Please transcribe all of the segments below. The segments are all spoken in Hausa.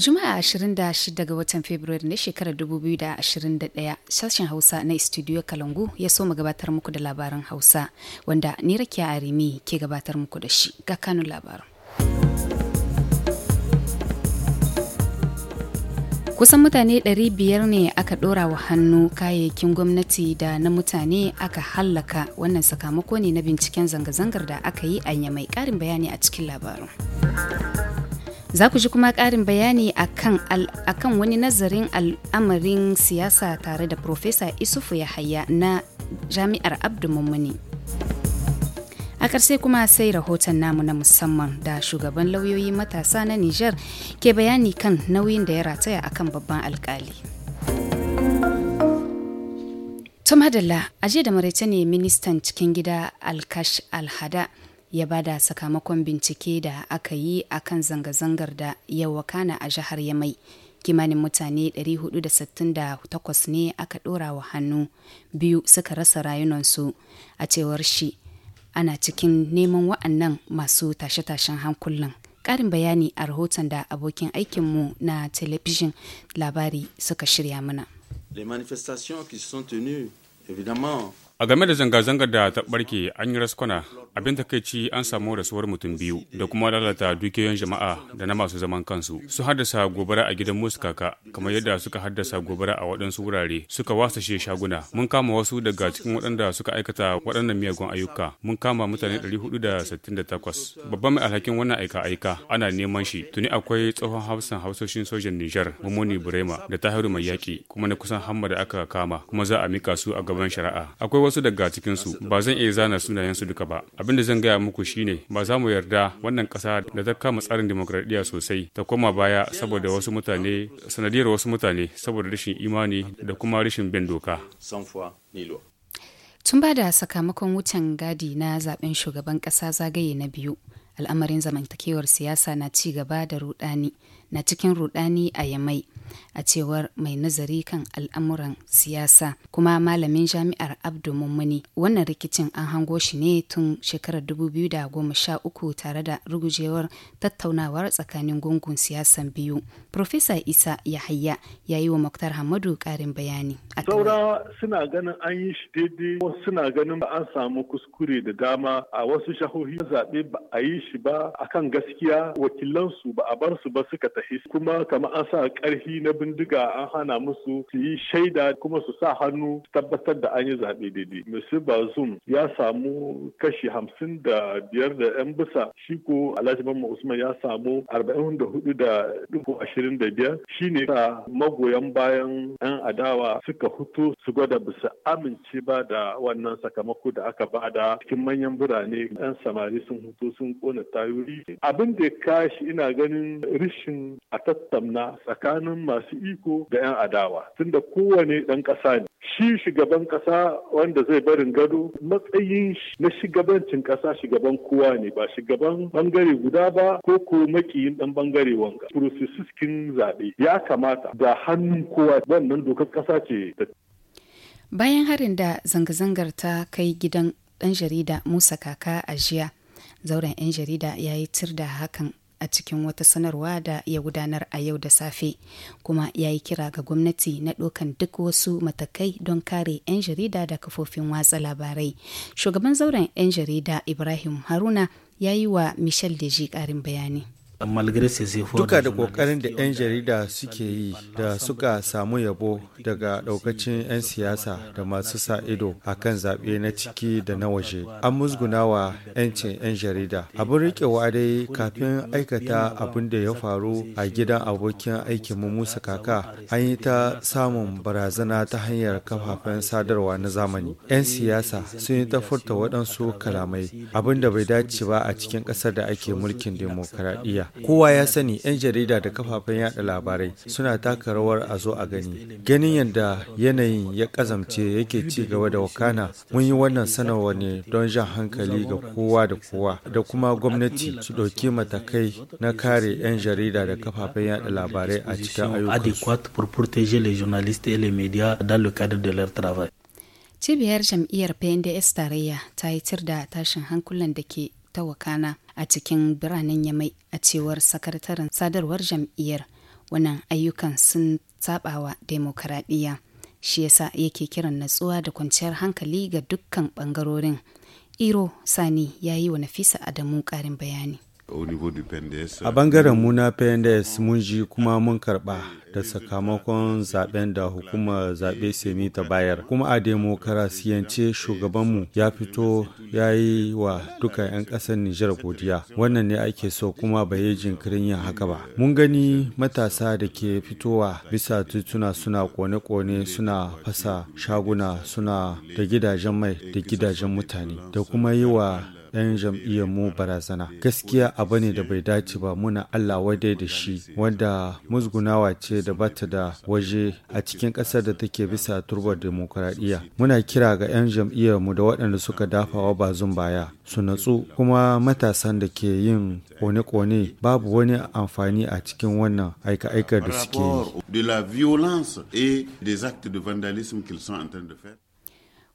Juma'a 26 ga watan Fabrairu na shekarar 2021 sashen Hausa na Studio Kalangu ya so mu gabatar muku da labaran Hausa wanda ni Rakiya Arimi ke gabatar muku da shi ga kano labarin. Kusan mutane 500 ne aka ɗora wa hannu kayayyakin gwamnati da na mutane aka hallaka wannan sakamako ne na binciken zanga-zangar da aka yi a mai ƙarin bayani a cikin labarin. Za ku ji kuma ƙarin bayani a kan wani nazarin al'amarin siyasa tare da Profesa Isufu Yahaya na Jami'ar Abdu Mummuni. A ƙarshe kuma sai rahoton namu na musamman da shugaban lauyoyi matasa na Nijar ke bayani kan nauyin da ya rataya akan babban alkali. Tom Hadalla, ajiye da maraice ne ministan cikin gida Alkash Alhada ya bada sakamakon bincike da aka yi a kan zanga-zangar da ya wakana a jihar Yamai. Kimanin mutane 468 ne aka ɗora wa hannu, biyu suka rasa rayunansu a cewar shi. Ana cikin neman wa'annan masu tashe-tashen hankulan. Ƙarin bayani a rahoton da abokin aikinmu na telebijin labari suka shirya mana. Les manifestations qui sont tenues, évidemment, A game da zanga-zangar da ta barke an yi raskwana abin ci an samu rasuwar mutum biyu da kuma lalata dukiyoyin jama'a da na masu zaman kansu su haddasa gobara a gidan musu kaka kamar yadda suka haddasa gobara a waɗansu wurare suka wasashe shaguna mun kama wasu daga cikin waɗanda suka aikata waɗannan miyagun ayyuka mun kama mutane ɗari da da 468 babban mai alhakin wannan aika-aika ana neman shi tuni akwai tsohon hafsan hausoshin sojan Nijar Mumuni Burema da Tahiru Mai Yaƙi kuma na kusan hamma da aka kama kuma za a mika su a gaban shari'a akwai wasu daga cikinsu ba zan iya zana sunayensu duka ba abin da zan gaya muku shine ba za mu yarda wannan ƙasa da ta kama tsarin demokradiyya sosai ta koma baya saboda wasu mutane sanadiyar wasu mutane saboda rashin imani da kuma rashin bin doka tun ba da sakamakon wucin gadi na zaben shugaban ƙasa zagaye na biyu al'amarin zamantakewar siyasa na ci gaba da rudani na cikin rudani a yamai a cewar mai nazari kan al'amuran siyasa kuma malamin jami'ar abdu mummuni wannan rikicin an hango shi ne tun shekarar 2013 tare da rugujewar tattaunawar tsakanin gungun siyasan biyu profesa isa yahaya ya yi wa muktar hamadu karin bayani saura suna ganin an yi shi daidai wasu suna ganin ba. an samu kuskure da dama a wasu shahohi zaɓe ba a yi shi ba akan gaskiya wakilansu ba a bar su ba suka tafi kuma kama an sa ƙarfi na bindiga an hana musu su yi shaida kuma su sa hannu tabbatar da an yi zaɓe daidai. Mr. Bazoum ya samu kashi hamsin da biyar da yan bisa shi ko Alhaji Mamman Usman ya samu arba'in da hudu da dubu ashirin da biyar shi ne sa magoyan bayan yan adawa suka hutu su gwada bisa amince ba da wannan sakamako da aka ba da. cikin manyan birane yan samari sun hutu sun kona tayuri abin da ya kashi ina ganin rishin a tattamna tsakanin masu iko da 'yan adawa tunda kowane ɗan ƙasa ne shi shugaban kasa wanda zai barin gado matsayin na shugabancin kasa shugaban kowa ne ba shugaban bangare guda ba ko ko makiyin dan bangare wanga prosesiskin zaɓe ya kamata da hannun kowa wannan dokar kasa ce bayan harin da zanga-zangar ta kai gidan dan jarida musa kaka a jiya zauren 'yan jarida ya yi tir da hakan a cikin wata sanarwa da ya gudanar a yau da safe kuma ya yi kira ga gwamnati na ɗaukan duk wasu matakai don kare 'yan jarida da kafofin watsa labarai shugaban zauren 'yan jarida ibrahim haruna ya yi wa michel deji karin bayani Duka da kokarin da 'yan jarida suke yi da suka samu yabo daga daukacin 'yan siyasa da masu sa ido a kan zaɓe na ciki da na waje. An musgunawa 'yancin 'yan jarida. Abin wa dai kafin aikata abin da ya faru a gidan abokin aikin mu Musa Kaka an yi ta samun barazana ta hanyar kafafen sadarwa na zamani. 'Yan siyasa sun yi ta furta waɗansu kalamai abin da bai dace ba a cikin ƙasar da ake mulkin dimokuraɗiyya. kowa ya sani 'yan jarida da kafafen yada labarai suna taka rawar a zo a gani ganin yadda yanayin ya kazamce yake ci gaba da wakana mun yi wannan sanarwa ne don jan hankali ga kowa da kowa da kuma gwamnati su ɗauki matakai na kare 'yan jarida da kafafen yada labarai a cikin ayyukansu. Cibiyar jam'iyyar PNDS tarayya ta yi tir da tashin hankulan da ke ta wakana a cikin biranen Yamai a cewar sakataren sadarwar jam'iyyar wannan ayyukan sun sabawa demokaradiyya shi yasa yake kiran natsuwa da kwanciyar hankali ga dukkan bangarorin iro sani ya yi wa nafisa adamu karin bayani A bangaren muna na PNDS mun ji kuma mun karba da sakamakon zaben da hukumar zaɓe semi ta bayar. Kuma a demokarasiyance shugabanmu ya fito ya yi wa duka 'yan ƙasar Nijar godiya. Wannan ne ake so kuma ba yi jinkirin yin haka ba. Mun gani matasa da ke fitowa bisa tituna suna kone-kone suna fasa shaguna suna da gidajen mai da gidajen mutane da kuma yi wa 'yan jam'iyyar mu barazana gaskiya abu ne da bai dace ba muna allah wadai da shi wanda musgunawa ce da bata da waje a cikin ƙasar da take bisa turbar demokuraɗiyya muna kira ga 'yan jam'iyyar mu da waɗanda suka dafawa bazun baya su natsu kuma matasan da ke yin kone-kone babu wani amfani a cikin wannan aika-aikar da suke yi.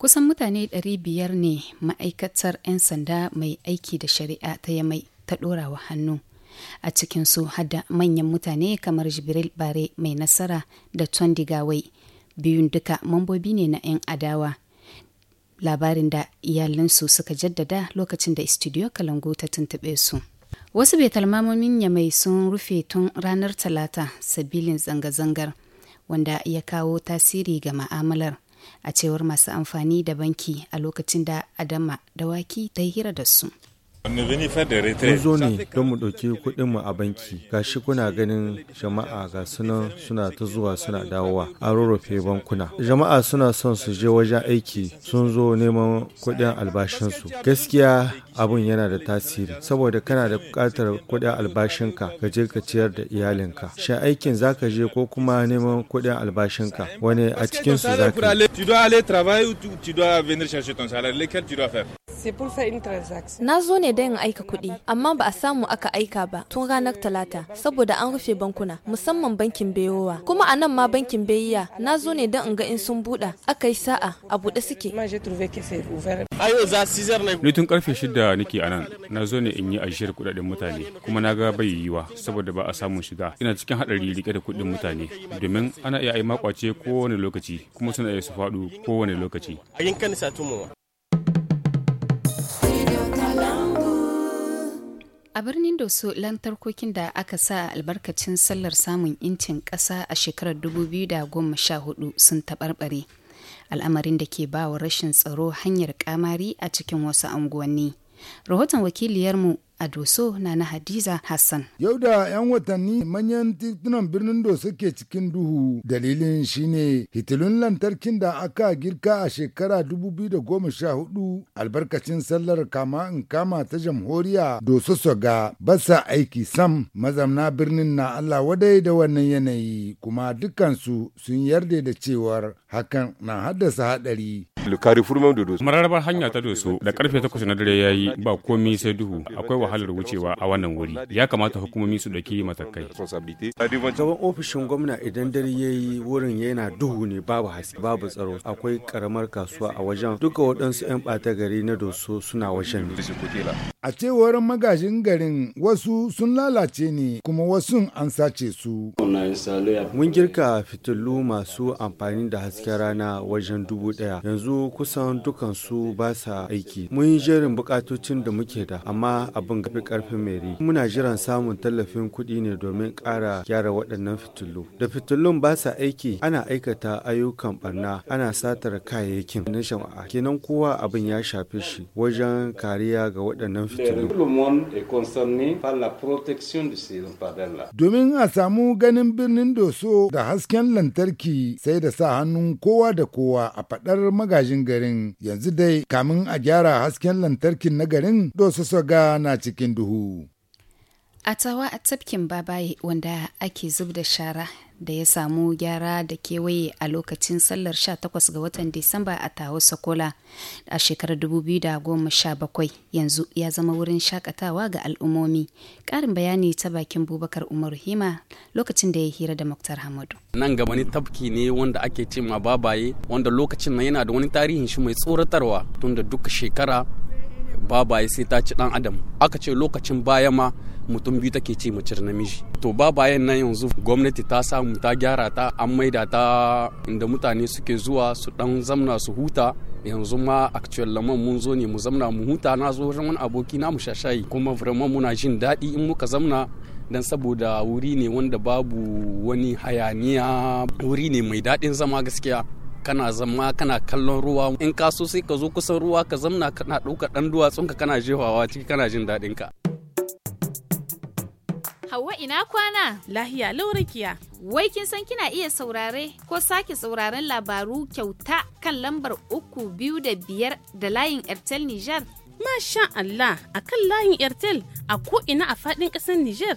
Kusan mutane 500 ne ma'aikatar 'yan sanda mai aiki da shari'a ta yamai ta ɗorawa hannu. A cikinsu su hada manyan mutane kamar Jibril Bare mai nasara da Tondi Gawai, biyun duka mambobi ne na 'yan adawa. Labarin da iyalinsu suka jaddada lokacin da Studio kalangu ta tuntube su. Wasu talmamomin ya mai sun rufe tun ranar talata sabilin zanga-zangar wanda ya kawo tasiri ga ma'amalar. a cewar masu amfani da banki a lokacin da adama dawaki ta hira da su. Mun zo ne don mu ɗauki mu a banki, gashi kuna ganin jama'a ga sunan suna ta zuwa suna dawowa a rurrufe bankuna. Jama'a suna son su je wajen aiki sun zo neman kuɗin albashinsu. Gaskiya abun yana da tasiri saboda kana da bukatar kuɗin albashinka ka je ka ciyar da iyalinka shi aikin za ka je ko kuma neman kuɗin albashinka wani a cikin su za ka na zo ne da yin aika kuɗi amma ba a samu aka aika ba tun ranar talata saboda an rufe bankuna musamman bankin bayowa. kuma a nan ma bankin bayiya na zo ne don in ga in sun buɗa aka yi sa'a a buɗe suke ni tun karfe shida yawa nake a nan na zo ne in yi ajiyar kudaden mutane kuma na ga bai yiwuwa saboda ba a samu shiga ina cikin hadari rike da kudin mutane domin ana iya ai makwace kowane lokaci kuma suna iya su faɗu kowane lokaci A birnin Doso lantarkokin da aka sa albarkacin sallar samun incin ƙasa a shekarar 2014 sun taɓarɓare. Al'amarin da ke ba wa rashin tsaro hanyar kamari a cikin wasu unguwanni. rahoton wakiliyarmu a Doso na na Hadiza Hassan. Yau da 'yan watanni manyan titunan birnin Doso ke cikin duhu dalilin shine hitilun lantarkin da aka girka a shekara 2014 albarkacin sallar kama in kama ta jamhuriya Doso Soga basa aiki sam mazamna birnin na Allah wadai da wannan yanayi kuma dukansu sun yarda da cewar hakan na haddasa hadari. Lukari hanya ta Doso da karfe takwas na dare yayi ba komi sai duhu akwai wahalar wucewa a wannan wuri ya kamata hukumomi su ɗauki matakai gaban ofishin gwamna idan dare ya yi wurin yana duhu ne babu haske babu tsaro akwai karamar kasuwa a wajen duka waɗansu 'yan ɓata gari na doso suna wajen a cewar magajin garin wasu sun lalace ne kuma wasu an sace su mun girka fitilu masu amfani da hasken rana wajen dubu ɗaya yanzu kusan dukansu ba sa aiki mun yi jerin bukatocin da muke da amma abin yawan karfi mai meri. Muna jiran samun tallafin kuɗi ne domin ƙara gyara waɗannan fitilu. Da fitilun ba sa aiki ana aikata ayyukan barna ana satar kayayyakin na shama'a. Kenan kowa abin ya shafe shi wajen kariya ga waɗannan fitilu. Domin a samu ganin birnin Doso da hasken lantarki sai da sa hannun kowa da kowa a faɗar magajin garin yanzu dai kamin a gyara hasken lantarkin na garin Doso Soga na cikin cikin duhu. A tawa a tafkin babaye wanda ake zub da shara da ya samu gyara da kewaye a lokacin sallar 18 ga watan Disamba a tawo Sokola a shekarar 2017 yanzu ya zama wurin shakatawa ga al'ummomi. Karin bayani ta bakin Bubakar Umar Hima lokacin da ya hira da Muktar Hamadu. Nan gaba wani tafki ne wanda ake ce ma babaye wanda lokacin nan yana da wani tarihin shi mai tsoratarwa tunda duka shekara babaye sai ta ci dan adam aka ce lokacin baya ma mutum biyu take ce mu mace namiji to babayen nan yanzu gwamnati ta samu ta gyara ta an maida ta inda mutane suke zuwa su dan zamna su huta yanzu ma actual laman mun zo ne mu zamna mu huta na zo wani aboki na mu shashayi kuma vraiment muna jin daɗi in muka zamna dan saboda wuri ne wanda babu wani hayaniya wuri ne mai daɗin zama gaskiya kana zama kana kallon ruwa in ka so sai ka zo kusan ruwa ka zamna kana ɗauka ɗan ka kana jefawa ciki kana jin daɗin ka. Hauwa ina kwana? Lahiya laurakiya. Wai kin san kina iya saurare ko sake sauraren labaru kyauta kan lambar uku biyu da biyar da layin Airtel Niger? Masha Allah a kan layin Airtel a ko ina a faɗin ƙasar Niger.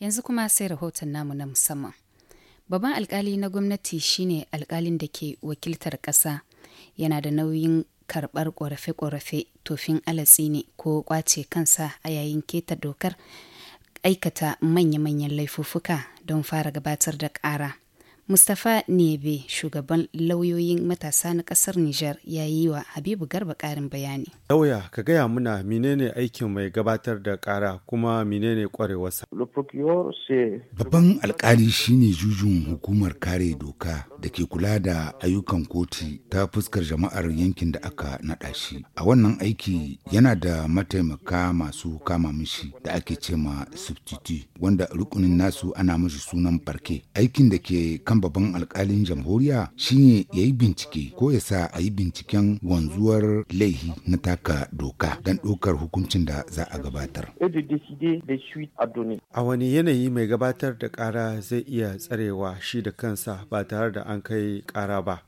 yanzu kuma sai rahoton namu na musamman babban alkali na gwamnati shine alkalin da ke wakiltar ƙasa yana da nauyin karɓar ƙorafe-ƙorafe tofin alatsi ne ko ƙwace kansa a yayin keta dokar aikata manya-manyan laifuffuka don fara gabatar da ƙara Mustapha Nebe, shugaban lauyoyin matasa na kasar Nijar, ya yi wa Habibu Garba karin bayani. Lauya, ka gaya muna menene aikin mai gabatar da kara kuma menene ƙwarewarsa. Babban alkali shine jujun hukumar kare doka da ke kula da ayyukan koti ta fuskar jama'ar yankin da aka naɗa shi. A wannan aiki yana da mataimaka masu kama mishi da ake ce ma substitute wanda rukunin nasu ana mashi sunan barke. Aikin da ke wannan babban alkalin jamhuriya shine ya yi bincike ko ya sa a yi binciken wanzuwar laihi na taka doka don ɗaukar hukuncin da za a gabatar. A wani yanayi mai gabatar da ƙara zai iya tsarewa shi da kansa ba tare da an kai ƙara ba.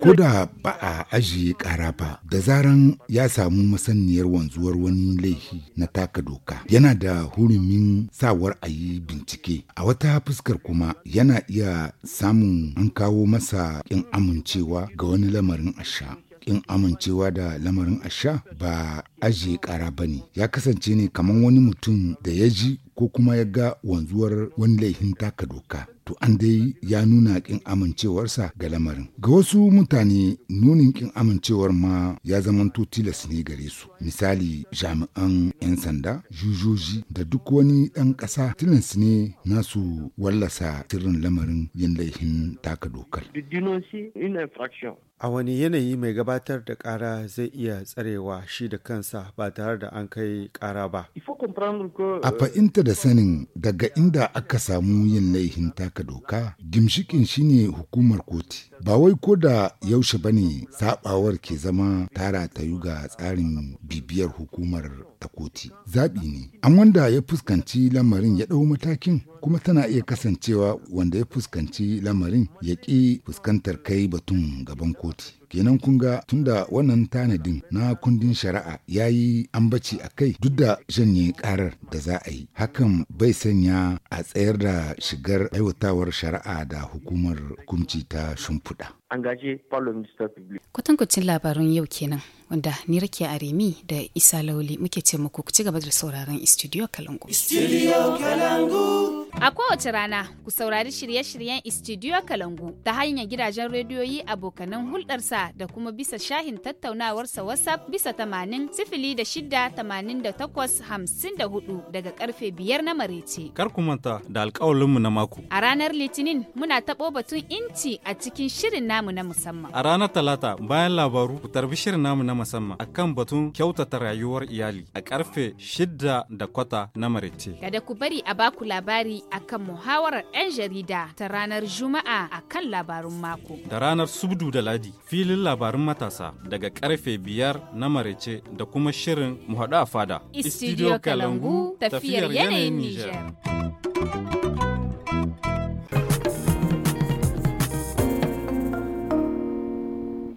Ko da ba a ajiye ƙara ba, da zaran ya samu masaniyar wanzuwar wani laihi na taka doka, yana da hurumin sawar a yi bincike. A wata fuskar kuma yana iya samun an kawo masa ƙin amincewa ga wani lamarin asha. in amincewa da lamarin asha ba aje kara ba ne ya kasance ne kamar wani mutum da ya ji ko kuma ya ga wanzuwar wani laifin taka doka to an dai ya nuna kin amincewarsa ga lamarin ga wasu mutane nunin kin amincewar ma ya zamanto tilas ne gare su misali jami'an 'yan sanda jujoji da duk wani ɗan ƙasa tilas ne nasu wallasa sirrin lamarin yin laifin taka dokar a wani yanayi mai gabatar da ƙara zai iya tsarewa shi da kansa ba tare da an kai kara ba uh, a fahimtar da sanin daga inda aka samu yin laihin taka doka gimshikin shine hukumar koti ba wai ko da yaushe ba ne sabawar ke zama tara ta ga tsarin bibiyar hukumar ta koti zaɓi ne an wanda ya fuskanci lamarin ya ɗau matakin kuma tana iya kasancewa wanda ya fuskanci lamarin ya ƙi fuskantar kai batun gaban kotu kenan kun ga tunda wannan tanadin na kundin shari'a ya yi ambaci a kai duk da janye karar da za a yi hakan bai sanya a tsayar da shigar aiwatawar shari'a da hukumar hukunci ta shimfiɗa engagé par le public. Kwatankwacin labarun yau kenan wanda ni rake a Remi da Isa Lauli muke ce muku ku ci gaba da sauraron Studio Kalangu. Studio Kalangu. A kowace rana ku saurari shirye-shiryen Studio Kalangu ta hanyar gidajen rediyoyi abokanan hulɗarsa da kuma bisa shahin tattaunawarsa WhatsApp bisa tamanin sifili da shida tamanin da takwas hamsin da hudu daga karfe biyar na marece. Kar ku manta da alƙawalinmu na mako. A ranar Litinin muna taɓo batun inci a cikin shirin na namu na musamman. A ranar Talata bayan labaru ku tarbi shirin namu na musamman akan batun kyautata rayuwar iyali a karfe shidda da kwata na marece. Kada ku bari a baku labari akan muhawarar 'yan jarida ta ranar Juma'a a kan labarun mako. Da ranar Subdu da Ladi filin labarun matasa daga karfe biyar na marece da kuma shirin mu haɗu a fada. Istidiyo Kalangu tafiyar yanayin Nijar.